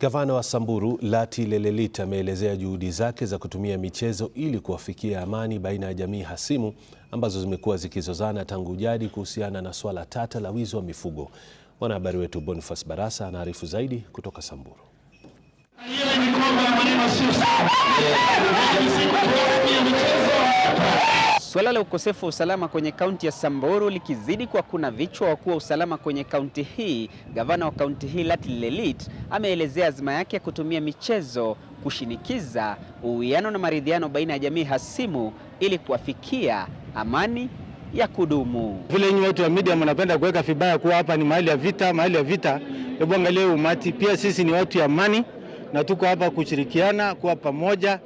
Gavana wa Samburu Lati Lelelit ameelezea juhudi zake za kutumia michezo ili kuwafikia amani baina ya jamii hasimu ambazo zimekuwa zikizozana tangu jadi kuhusiana na swala tata la wizi wa mifugo. Mwanahabari wetu Boniface Barasa anaarifu zaidi kutoka Samburu. Suala la ukosefu wa usalama kwenye kaunti ya Samburu likizidi kwa kuna vichwa wakuu wa usalama kwenye kaunti hii, gavana wa kaunti hii Lati Lelit ameelezea azma yake ya kutumia michezo kushinikiza uwiano na maridhiano baina ya jamii hasimu ili kuwafikia amani ya kudumu. Vile nyinyi watu wa media mnapenda kuweka vibaya kuwa hapa ni mahali ya vita, mahali ya vita, hebu angalia umati. Pia sisi ni watu ya amani na tuko hapa kushirikiana kuwa pamoja.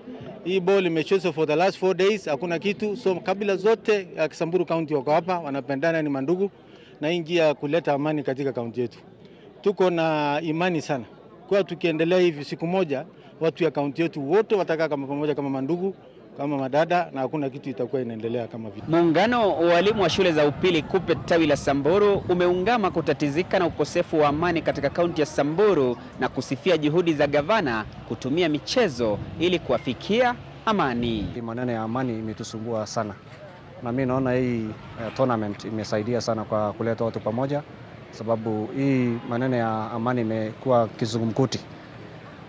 Hii ball imechezwa for the last four days, hakuna kitu. So kabila zote ya uh, Kisamburu County wako hapa, wanapendana, ni mandugu, na hii njia ya kuleta amani katika kaunti yetu. Tuko na imani sana kwa tukiendelea hivi, siku moja watu ya kaunti yetu wote watakaa kama pamoja kama mandugu kama madada na hakuna kitu itakuwa inaendelea kama vile. Muungano wa walimu wa shule za upili KUPPET tawi la Samburu umeungama kutatizika na ukosefu wa amani katika kaunti ya Samburu na kusifia juhudi za gavana kutumia michezo ili kuwafikia amani. Maneno ya amani imetusumbua sana, na mimi naona hii uh, tournament imesaidia sana kwa kuleta watu pamoja, sababu hii maneno ya amani imekuwa kizungumkuti.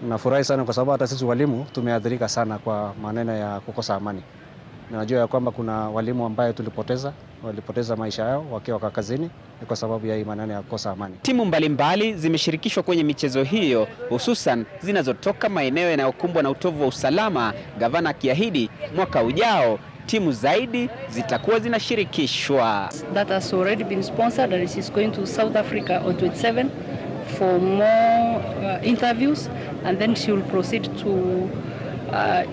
Nafurahi sana kwa sababu hata sisi walimu tumeathirika sana kwa maneno ya kukosa amani. Najua ya kwamba kuna walimu ambaye tulipoteza walipoteza maisha yao wakiwa kwa kazini kwa sababu ya hii maneno ya kukosa amani. Timu mbalimbali zimeshirikishwa kwenye michezo hiyo, hususan zinazotoka maeneo yanayokumbwa na utovu wa usalama, gavana akiahidi mwaka ujao timu zaidi zitakuwa zinashirikishwa. That has already been sponsored and it is going to South Africa on 27 for more uh, interviews, and then she will proceed to uh,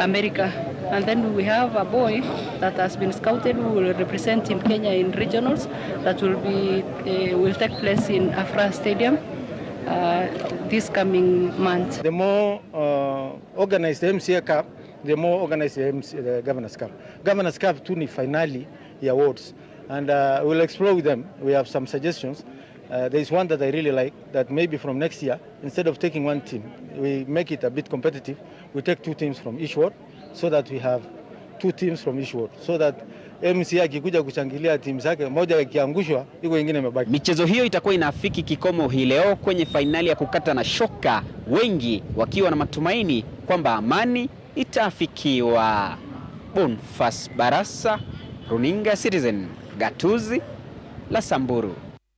America. And then we have a boy that has been scouted who will represent in Kenya in regionals that will be uh, will take place in Afra Stadium uh, this coming month. The more uh, organized the MCA Cup, the more organized the, the Governors Cup. Governors Cup too, ni finally the awards, and uh, we'll explore with them. We have some suggestions. Uh, there's one that I really like that maybe from next year, instead of taking one team, we make it a bit competitive. We take two teams from each ward so that we have two teams from each ward so that MC akikuja kuchangilia timu zake moja ikiangushwa iko ingine imebaki. Michezo hiyo itakuwa inafiki kikomo hii leo kwenye fainali ya kukata na shoka, wengi wakiwa na matumaini kwamba amani itaafikiwa. Bonfas Barasa, Runinga Citizen, gatuzi la Samburu.